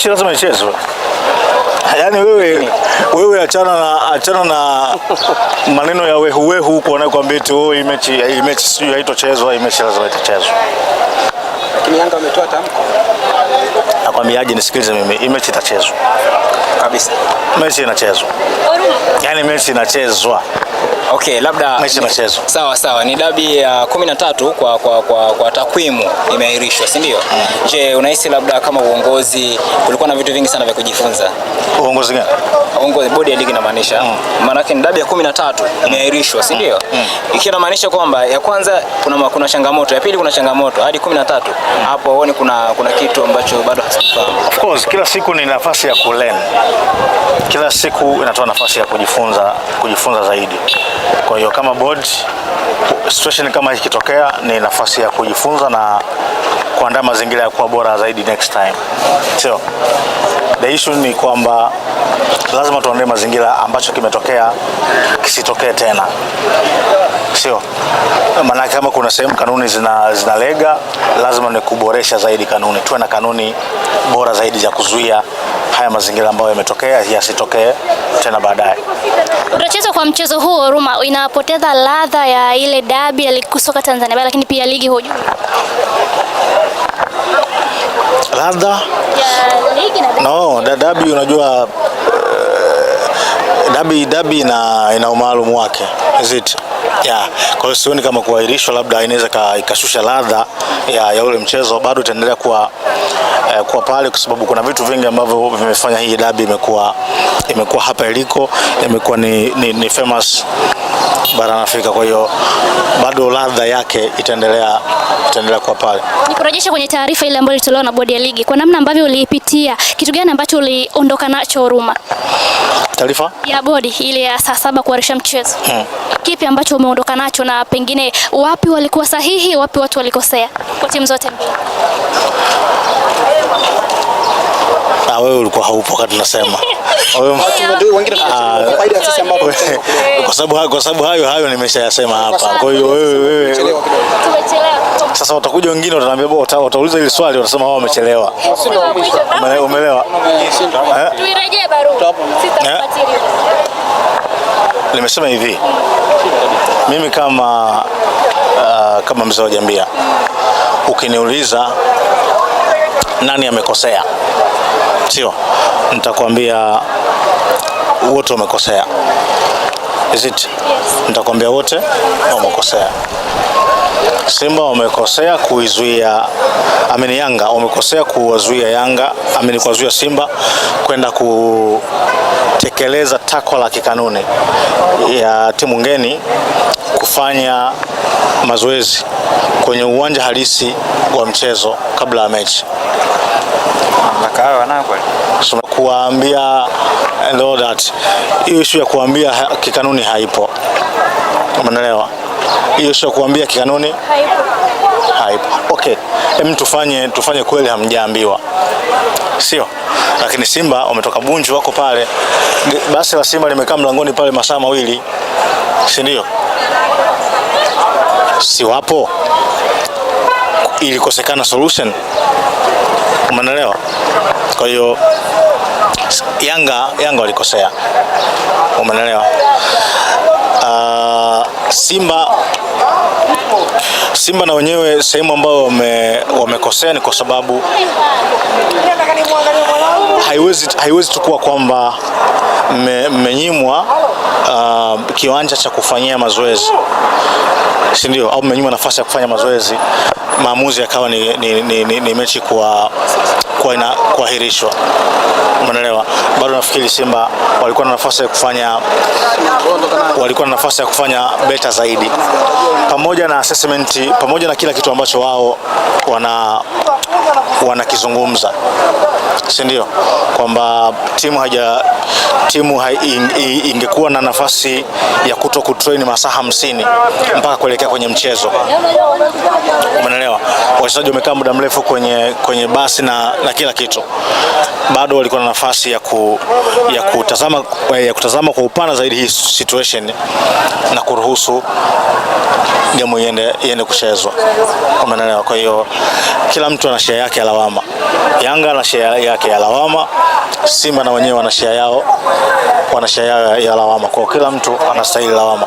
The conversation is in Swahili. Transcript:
mechi lazima ichezwe. Yaani wewe wewe, achana na achana na maneno ya wehu wehu huko wanakwambia eti oh, hii mechi hii mechi sio haitochezwa, hii mechi lazima itachezwa. Lakini Yanga wametoa tamko. Nakwambiaje, nisikilize mimi, hii mechi itachezwa kabisa. Mechi inachezwa, yaani mechi inachezwa. Okay, labda mechi mchezo. Sawa sawa, ni dabi ya uh, 13 kwa kwa kwa, kwa takwimu imeahirishwa, si ndio? Mm. Je, unahisi labda kama uongozi kulikuwa na vitu vingi sana vya kujifunza? Uongozi gani? Uongozi bodi ya ligi inamaanisha. Mm. Maana yake ni dabi ya 13 mm. imeahirishwa, si mm. ndio? Mm. Ikiwa inamaanisha kwamba ya kwanza kuna kuna changamoto, ya pili kuna changamoto hadi 13. Mm. Hapo waone kuna kuna kitu ambacho bado hasifahamu. Of course, kila siku ni nafasi ya kulen. Kila siku inatoa nafasi ya kujifunza kujifunza zaidi. Kwa hiyo kama board, situation kama ikitokea ni nafasi ya kujifunza na kuandaa mazingira ya kuwa bora zaidi next time. So, the issue ni kwamba lazima tuondoe mazingira ambacho kimetokea kisitokee tena, sio maanake. Kama kuna sehemu kanuni zina, zinalega, lazima ni kuboresha zaidi kanuni, tuwe na kanuni bora zaidi za kuzuia haya mazingira ambayo yametokea yasitokee tena baadaye. Kutochezwa kwa mchezo huu Oruma inapoteza ladha ya ile dabi ya ligi soka Tanzania lakini pia ligi hujui ladha ya ligi na dabi. No, dabi unajua dabi dabi ina, ina umaalum wake is it? Yeah. Kwa hiyo sioni kama kuahirishwa labda inaweza ikashusha ladha ya, ya ule mchezo, bado itaendelea kuwa eh, kwa pale, kwa sababu kuna vitu vingi ambavyo vimefanya hii dabi imekuwa imekuwa hapa iliko, imekuwa ni, ni, ni famous barani Afrika. Kwa hiyo bado ladha yake itaendelea itaendelea kwa pale. Nikurejesha kwenye taarifa ile ambayo ilitolewa na bodi ya ligi, kwa namna ambavyo uliipitia, kitu gani ambacho uliondoka nacho Huruma? Taarifa ya bodi ile ya saa saba kuarisha mchezo hmm. Kipi ambacho umeondoka nacho na pengine wapi walikuwa sahihi, wapi watu walikosea kwa timu zote mbili? Ah, wewe ulikuwa haupo wakati tunasema kwa sababu hayo hayo nimeshayasema hapa. Kwa hiyo wewe sasa watakuja wengine wataniambia, watauliza hili swali, watasema oh, wao wamechelewa. Umeelewa? Eh? Eh? Nimesema hivi mimi kama uh, kama mzee wa Jambia, ukiniuliza nani amekosea, sio? Nitakwambia wote wamekosea. Is it? Nitakwambia wote wamekosea. Simba wamekosea kuizuia amini, Yanga wamekosea kuwazuia Yanga amini, kuwazuia Simba kwenda kutekeleza takwa la kikanuni ya timu ngeni kufanya mazoezi kwenye uwanja halisi wa mchezo kabla ya mechi kuwaambia eh, though that hiyo issue ya kuambia kikanuni haipo. Umeelewa? Hiyo issue ya kuambia kikanuni haipo. Haipo. Okay. Hem, tufanye tufanye kweli hamjaambiwa. Sio? Lakini Simba wametoka Bunju wako pale. Basi la Simba limekaa mlangoni pale masaa mawili. Si ndio? Si wapo. Ilikosekana solution umeelewa? Kwa hiyo Yanga Yanga walikosea, umeelewa? Uh, Simba Simba na wenyewe sehemu ambayo wamekosea wame ni kwa sababu haiwezi haiwezi kwamba mmenyimwa uh, kiwanja cha kufanyia mazoezi, si ndio? Au mmenyima nafasi ya kufanya mazoezi, maamuzi yakawa ni, ni, ni, ni, ni mechi kwa kuahirishwa umeelewa. Bado nafikiri Simba walikuwa na nafasi ya kufanya walikuwa na nafasi ya kufanya beta zaidi, pamoja na assessment, pamoja na kila kitu ambacho wao wana wanakizungumza, si ndio? Kwamba timu haja timu ha, ingekuwa na nafasi ya kuto kutrain masaa hamsini mpaka kuelekea kwenye mchezo, umeelewa? Wachezaji wamekaa muda mrefu kwenye, kwenye basi na, na kila kitu, bado walikuwa na nafasi ya, ku, ya, kutazama, ya kutazama kwa upana zaidi hii situation na kuruhusu gemu iende iende kuchezwa. Umeelewa? Kwa hiyo kila mtu ana share yake ya lawama. Yanga ana share yake ya lawama, Simba na wenyewe wana share yao, wana share yao ya lawama. Kwa kila mtu anastahili lawama.